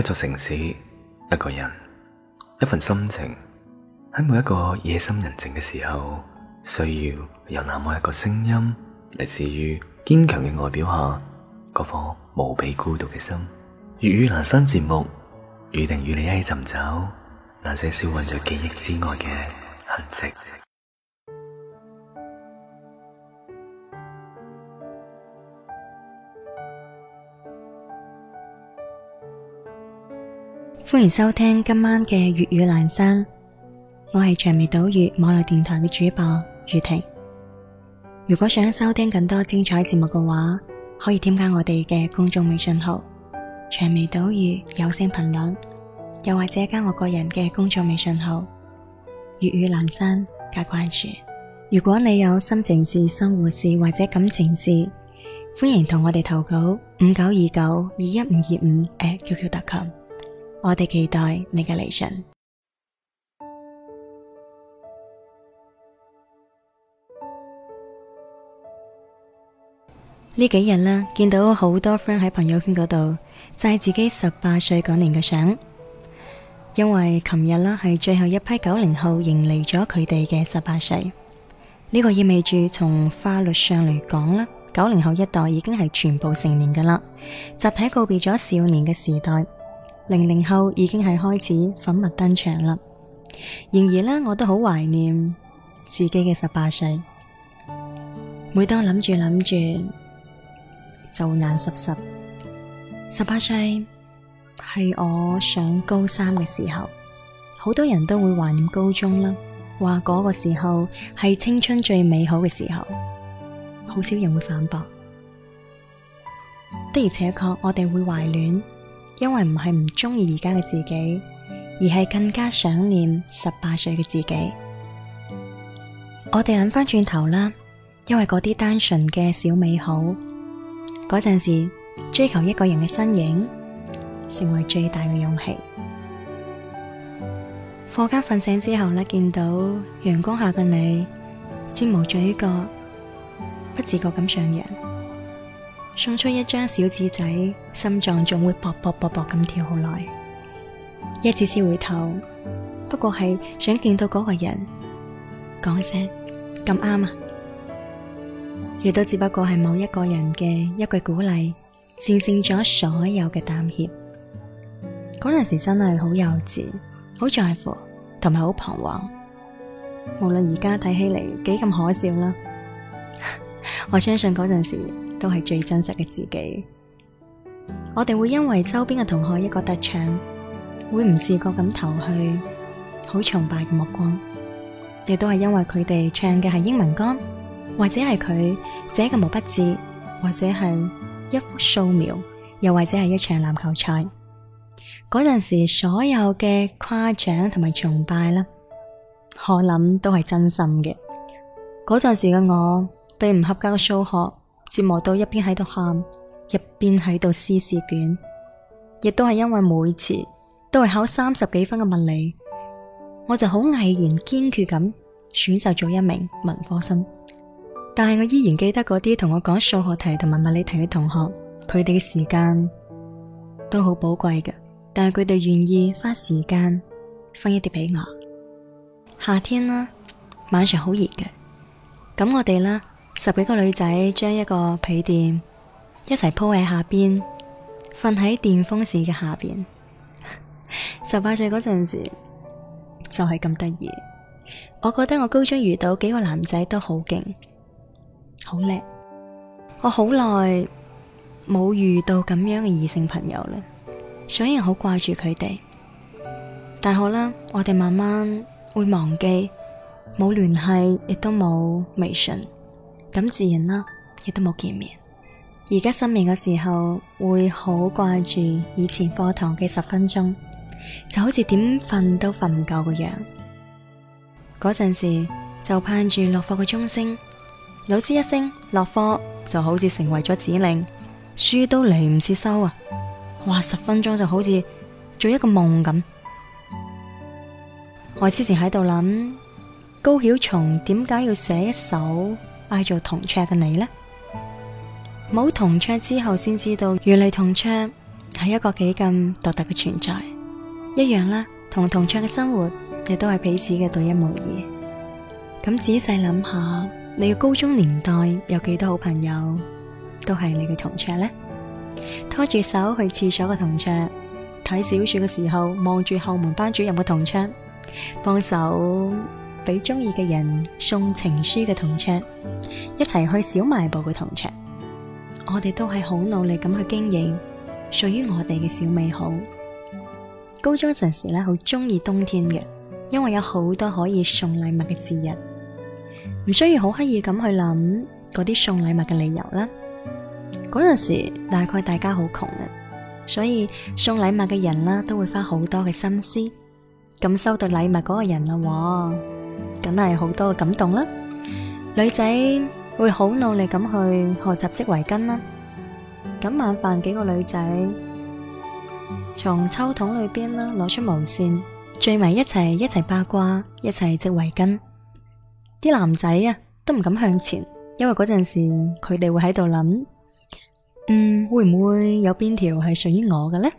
一座城市，一個人，一份心情，喺每一個夜深人靜嘅時候，需要有那麼一個聲音，嚟自於堅強嘅外表下，嗰顆無比孤獨嘅心。粵語闌珊節目，預定與你一起尋找，那些消隱在記憶之外嘅痕跡。歡迎收聽今晚嘅粵語藍山，我係長眉島嶼網絡電台嘅主播雨婷。如果想收聽更多精彩節目嘅話，可以添加我哋嘅公眾微信號長眉島嶼有聲頻率，又或者加我個人嘅公眾微信號粵語藍山加關注。如果你有心情事、生活事或者感情事，歡迎同我哋投稿五九二九二一五二五 q q 特琴。我哋期待你嘅嚟信。呢幾日啦，見到好多 friend 喺朋友圈嗰度晒自己十八歲嗰年嘅相，因為琴日啦係最後一批九零後迎嚟咗佢哋嘅十八歲。呢個意味住從法律上嚟講啦，九零後一代已經係全部成年噶啦，集體告別咗少年嘅時代。零零後已經係開始粉墨登場啦。然而呢，我都好懷念自己嘅十八歲。每當諗住諗住，就眼濕濕。十八歲係我上高三嘅時候，好多人都會懷念高中啦。話嗰個時候係青春最美好嘅時候，好少人會反駁。的而且確，我哋會懷戀。因為唔係唔中意而家嘅自己，而係更加想念十八歲嘅自己。我哋諗翻轉頭啦，因為嗰啲單純嘅小美好，嗰陣時追求一個人嘅身影，成為最大嘅勇氣。課間瞓醒之後咧，見到陽光下嘅你，睫毛嘴角，不自覺咁上揚。送出一張小紙仔，心臟仲會薄薄薄薄咁跳好耐。一次次回頭，不過係想見到嗰個人講聲咁啱啊！亦都只不過係某一個人嘅一句鼓勵，戰勝咗所有嘅膽怯。嗰陣時真係好幼稚，好在乎，同埋好彷徨。無論而家睇起嚟幾咁可笑啦， 我相信嗰陣時。都係最真實嘅自己。我哋會因為周邊嘅同學一個特長，會唔自覺咁投去好崇拜嘅目光，亦都係因為佢哋唱嘅係英文歌，或者係佢寫嘅毛筆字，或者係一幅素描，又或者係一場籃球賽。嗰陣時所有嘅誇獎同埋崇拜啦，我諗都係真心嘅。嗰陣時嘅我，被唔合格嘅數學。折磨到一邊喺度喊，一邊喺度撕試卷，亦都係因為每次都係考三十幾分嘅物理，我就好毅然堅決咁選擇做一名文科生。但係我依然記得嗰啲同我講數學題同埋物理題嘅同學，佢哋嘅時間都好寶貴嘅，但係佢哋願意花時間分一啲俾我。夏天啦，晚上好熱嘅，咁我哋啦。十幾個女仔將一個被墊一齊鋪喺下邊，瞓喺電風扇嘅下邊。十八歲嗰陣時就係咁得意。我覺得我高中遇到幾個男仔都好勁，好叻。我好耐冇遇到咁樣嘅異性朋友啦，所以好掛住佢哋，但好啦，我哋慢慢會忘記，冇聯繫亦都冇微信。咁自然啦，啊，亦都冇見面。而家失眠嘅時候，會好掛住以前課堂嘅十分鐘，就好似點瞓都瞓唔夠嘅樣。嗰陣 時就盼住落課嘅鐘聲，老師一聲落課，就好似成為咗指令，書都嚟唔切收啊！哇，十分鐘就好似做一個夢咁。我之前喺度諗，高曉松點解要寫一首？愛做同桌嘅你咧，冇同桌之後先知道，原嚟同桌係一個幾咁獨特嘅存在。一樣啦，同同桌嘅生活亦都係彼此嘅獨一無二。咁仔細諗下，你嘅高中年代有幾多好朋友都係你嘅同桌呢？拖住手去廁所嘅同桌，睇小說嘅時候望住後門班主任嘅同桌，幫手。俾中意嘅人送情書嘅同桌，一齊去小賣部嘅同桌，我哋都係好努力咁去經營屬於我哋嘅小美好。高中陣時咧，好中意冬天嘅，因為有好多可以送禮物嘅節日，唔需要好刻意咁去諗嗰啲送禮物嘅理由啦。嗰陣時大概大家好窮呀，所以送禮物嘅人啦都會花好多嘅心思，咁收到禮物嗰個人啦。梗係好多感動啦，女仔會好努力咁去學習織圍巾啦。咁晚飯，幾個女仔從抽桶裏邊啦攞，出毛線，聚埋一齊一齊八卦一齊織圍巾。啲男仔啊都唔敢向前，因為嗰陣時佢哋會喺度諗，嗯，會唔會有邊條係屬於我嘅呢？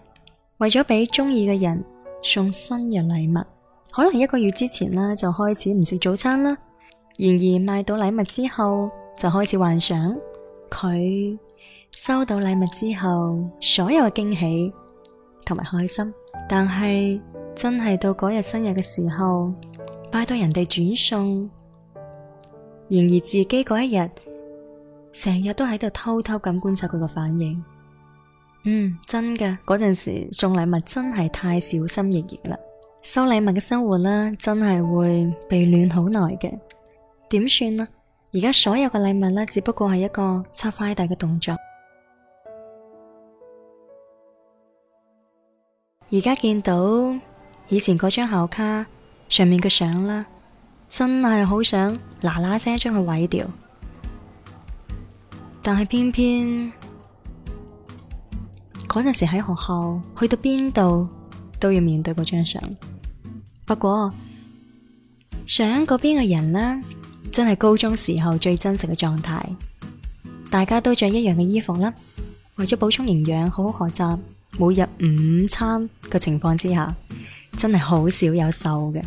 為咗俾中意嘅人送生日禮物，可能一個月之前啦，就開始唔食早餐啦。然而買到禮物之後，就開始幻想佢收到禮物之後所有嘅驚喜同埋開心。但係真係到嗰日生日嘅時候，拜託人哋轉送。然而自己嗰一日成日都喺度偷偷咁觀察佢嘅反應。嗯，真嘅，嗰陣時送禮物真係太小心翼翼啦。收禮物嘅生活咧，真係會被暖好耐嘅，點算啊？而家所有嘅禮物呢，只不過係一個拆快遞嘅動作。而家見到以前嗰張校卡上面嘅相啦，真係好想嗱嗱聲將佢毀掉，但係偏偏嗰陣時喺學校去到邊度？都要面對嗰張相，不過相嗰邊嘅人啦，真係高中時候最真實嘅狀態。大家都着一樣嘅衣服啦，為咗補充營養，好好學習，每日午餐嘅情況之下，真係好少有瘦嘅。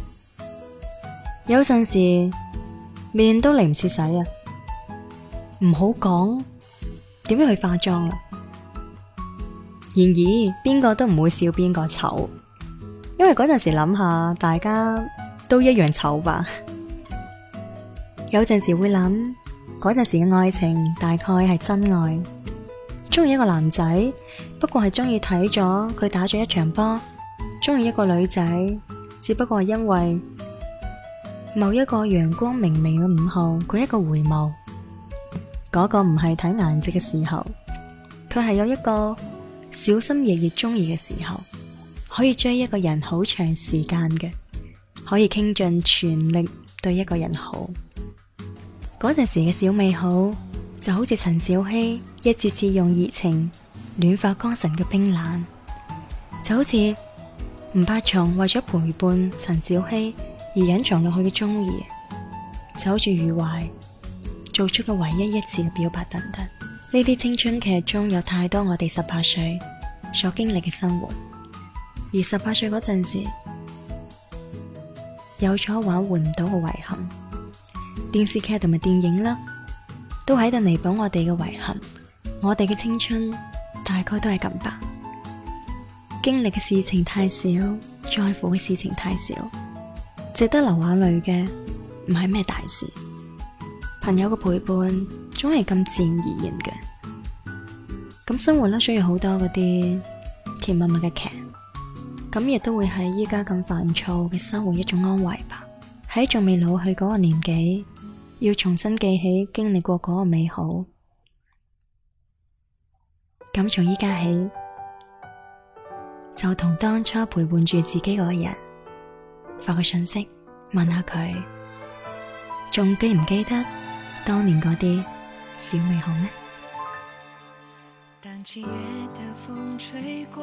有陣時面都嚟唔切洗啊，唔好講點樣去化妝啦。然而邊個都唔會笑邊個醜。因為嗰陣時諗下，大家都一樣醜吧。 有陣時會諗，嗰陣時嘅愛情大概係真愛。中意一個男仔，不過係中意睇咗佢打咗一場波；中意一個女仔，只不過係因為某一個陽光明媚嘅午後，佢一個回眸。嗰個唔係睇顏值嘅時候，佢係有一個小心翼翼中意嘅時候，可以追一個人好長時間嘅，可以傾盡全力對一個人好。嗰陣時嘅小美好就好似陳小希一次次用熱情暖化江辰嘅冰冷，就好似吳柏松為咗陪伴陳小希而隱藏落去嘅中意，就好似余淮做出嘅唯一一次嘅表白等等。呢啲青春劇中有太多我哋十八歲所經歷嘅生活。而十八歲嗰陣時，有咗挽回唔到嘅遺憾。電視劇同埋電影啦，都喺度彌補我哋嘅遺憾。我哋嘅青春大概都係咁吧。經歷嘅事情太少，在乎嘅事情太少，值得流眼淚嘅唔係咩大事。朋友嘅陪伴總係咁自然而然嘅。咁生活啦，需要好多嗰啲甜蜜蜜嘅劇。咁亦都會喺依家咁煩躁嘅生活一種安慰吧。喺仲未老去嗰個年紀，要重新記起經歷過嗰個美好。咁從依家起，就同當初陪伴住自己嗰個人發個信息，問下佢仲記唔記得當年嗰啲小美好呢？當七月的風吹過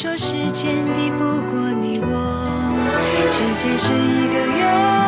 說時間敵不過你我，世界是一個圓。